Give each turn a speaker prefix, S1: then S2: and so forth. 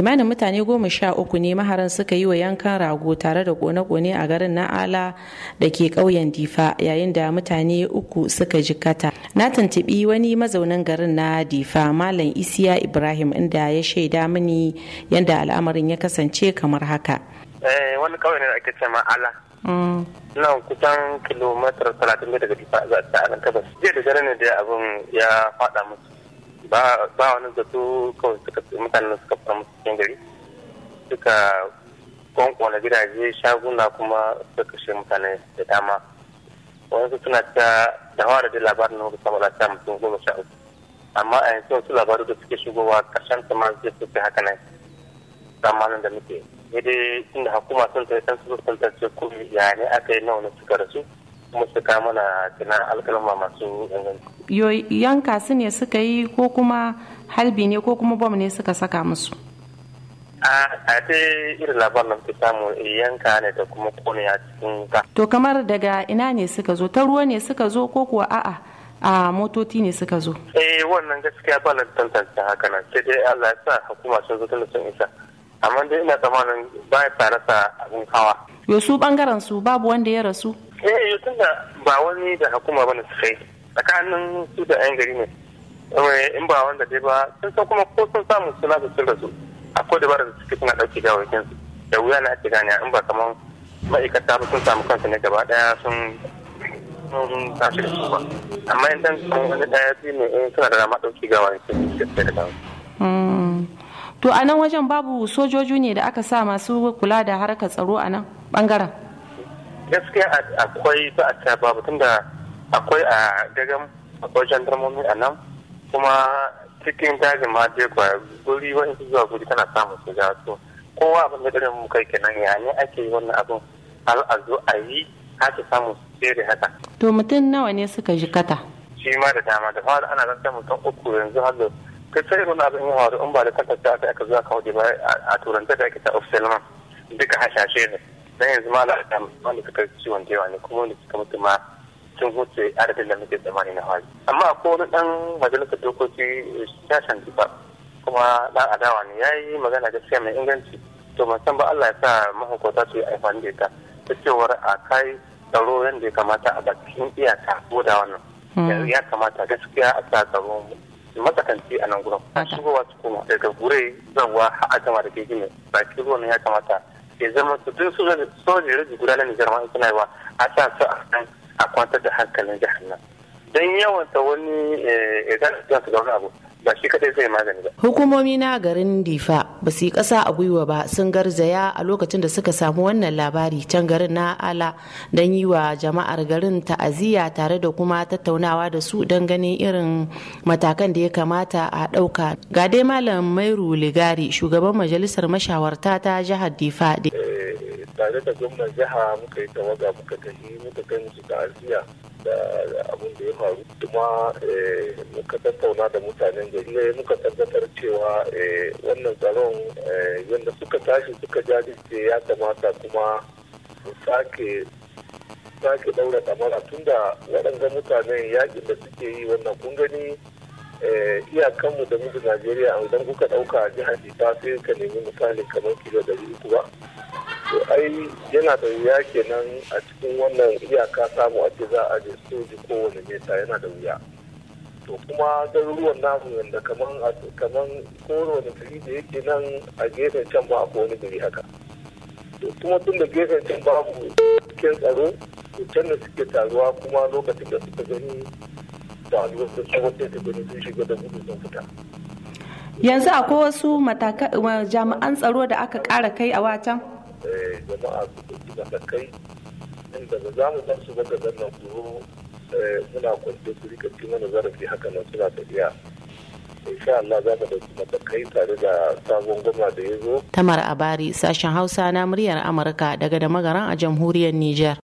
S1: kimanin mutane goma sha uku ne maharan suka yi wa yankan rago tare da kone-kone a garin na ala da ke ƙauyen difa yayin da mutane uku suka jikata na tuntuɓi wani mazaunin garin na difa malam isiya ibrahim inda ya shaida mini yadda al'amarin ya kasance kamar haka
S2: eh, wani ƙauye ne ake ce ala mm. nan kusan kilomitar talatin daga difa za ta anan kabas jiya da ne da abin ya faɗa musu ba wani zato kawai suka mutanen suka fara musu cikin gari suka kwankwana gidaje shaguna kuma suka kashe mutane da dama wani suna ta dawa da dai labarin na mutum da ta mutum goma sha uku amma a yanzu wasu labaru da suke shigowa karshen ta ma zai suke haka nan zamanin da muke ne dai inda hukuma sun ta san su sun ta ce kuma ya ne aka yi nawa na suka rasu kuma ka mana tana alkalma masu inganci.
S1: Yo yanka su ne suka yi ko kuma halbi ne ko kuma bom ne suka saka musu?
S2: a ta irin labarin ta samu eh, yanka ne da kuma kone a cikin ka.
S1: To kamar daga ina ne suka zo ta ruwa ne suka zo ko kuwa a'a a motoci ne suka zo.
S2: Eh wannan gaskiya ba na tantance haka nan sai dai Allah ya sa hukuma sun zo tun sun isa. Amma dai ina tsammanin ba ya sa abin hawa.
S1: Yo su bangaren su babu wanda ya rasu.
S2: eh, eh tun da ba wani da hukuma bane su kai tsakanin su da yan gari ne in ba wanda dai ba sun san kuma ko sun samu suna da sun rasu akwai dabara da suke suna ɗauki gawakin su da wuya na ake gane in ba kamar ma'aikata ba sun samu kansu ne gaba ɗaya sun tafi da su ba amma in dan wani ɗaya biyu ne eh, suna da dama ɗauki gawakin su da dama.
S1: Hmm. To a nan wajen babu sojoji ne da aka sa masu kula da harkar tsaro a nan bangaren?
S2: gaskiya akwai ba a taba mutum da akwai a dagan akwai jandarmomi a nan kuma cikin dajin ma dai ba guri wani zuwa guri tana samun su ga su kowa abin da mu kai kenan ya ne ake yi wannan abin al'azu a yi haka samun su tsere haka.
S1: to mutum nawa ne suka kata.
S2: shi ma da dama da fara ana zanta mutum uku yanzu har da kai sai wani abin ya da in ba da kanta ta aka zuwa kawo ba a turanta da ake ta ofselman duka hashashe ne. dan yanzu ma na samu wani kakar ciwon da yawa ne kuma wanda suka mutu ma sun huce adadin da muke tsammani na hali amma a kowane dan majalisar dokoki ya shanti ba kuma dan adawa ne ya yi magana gaskiya mai inganci to masan san ba Allah ya sa mahukunta su yi aifan da ita ta cewar a kai tsaro yadda ya kamata a bakin iyaka ko da wannan ya hmm. kamata gaskiya a sa tsaro matsakanci a nan gurin shigowa su koma daga gure zan wa a gama da ke gine bakin ruwan ya kamata ya zama su duk su zai sojan rage guda na nijar ma'a suna yawa a sa su a kan a kwantar da hankalin jihar nan don yawanta wani ya eh, gane eh, su da abu ba shi kadai zai magani ba
S1: hukumomi na garin difa ba su yi kasa a gwiwa ba sun garzaya a lokacin da suka samu wannan labari can garin na ala don yi wa jama'ar garin ta'aziyya tare da kuma tattaunawa da su don ganin irin matakan da ya kamata a ɗauka ga dai malam mairu ligari shugaban majalisar mashawarta ta jihar difa
S3: eh, tare da gwamnan jiha muka yi tawaga muka tafi muka gani ta'aziyya da abin da ya faru kuma eh, muka tattauna da mutanen gari ne eh, muka tabbatar cewa eh, wannan tsaron yadda suka tashi suka jajirce ya kamata kuma su sake sake daura tun tunda waɗanda mutanen yakin da suke yi wannan kun gani iyakanmu da mutu najeriya idan kuka ɗauka jihar ita sai ka nemi misalin kamar kilo ɗari uku ba ai yana da wuya kenan a cikin wannan iyaka samu ake za a je soji kowane meta yana da wuya to kuma garuruwan namu yadda kaman koro kowane gari da yake nan a gefen can ba ko wani gari haka to kuma tun da gefen can ba babu cikin tsaro to can da suke taruwa kuma lokacin da suka gani ba da alwasa tsawon sai su gani sun shiga da gudu sun fita
S1: yanzu akwai wasu jami'an tsaro da aka ƙara kai a watan.
S3: Eh, jama'a su ɗauki matakai inda ba za mu bar su ba gaban nan su muna eh, kwance su rika cikin wani zarafi haka nan suna tafiya insha Allah za mu ɗauki matakai tare da sabon goma
S1: da ya zo. Tamar Abari sashen Hausa na muryar Amurka daga da magaran a jamhuriyar Nijar.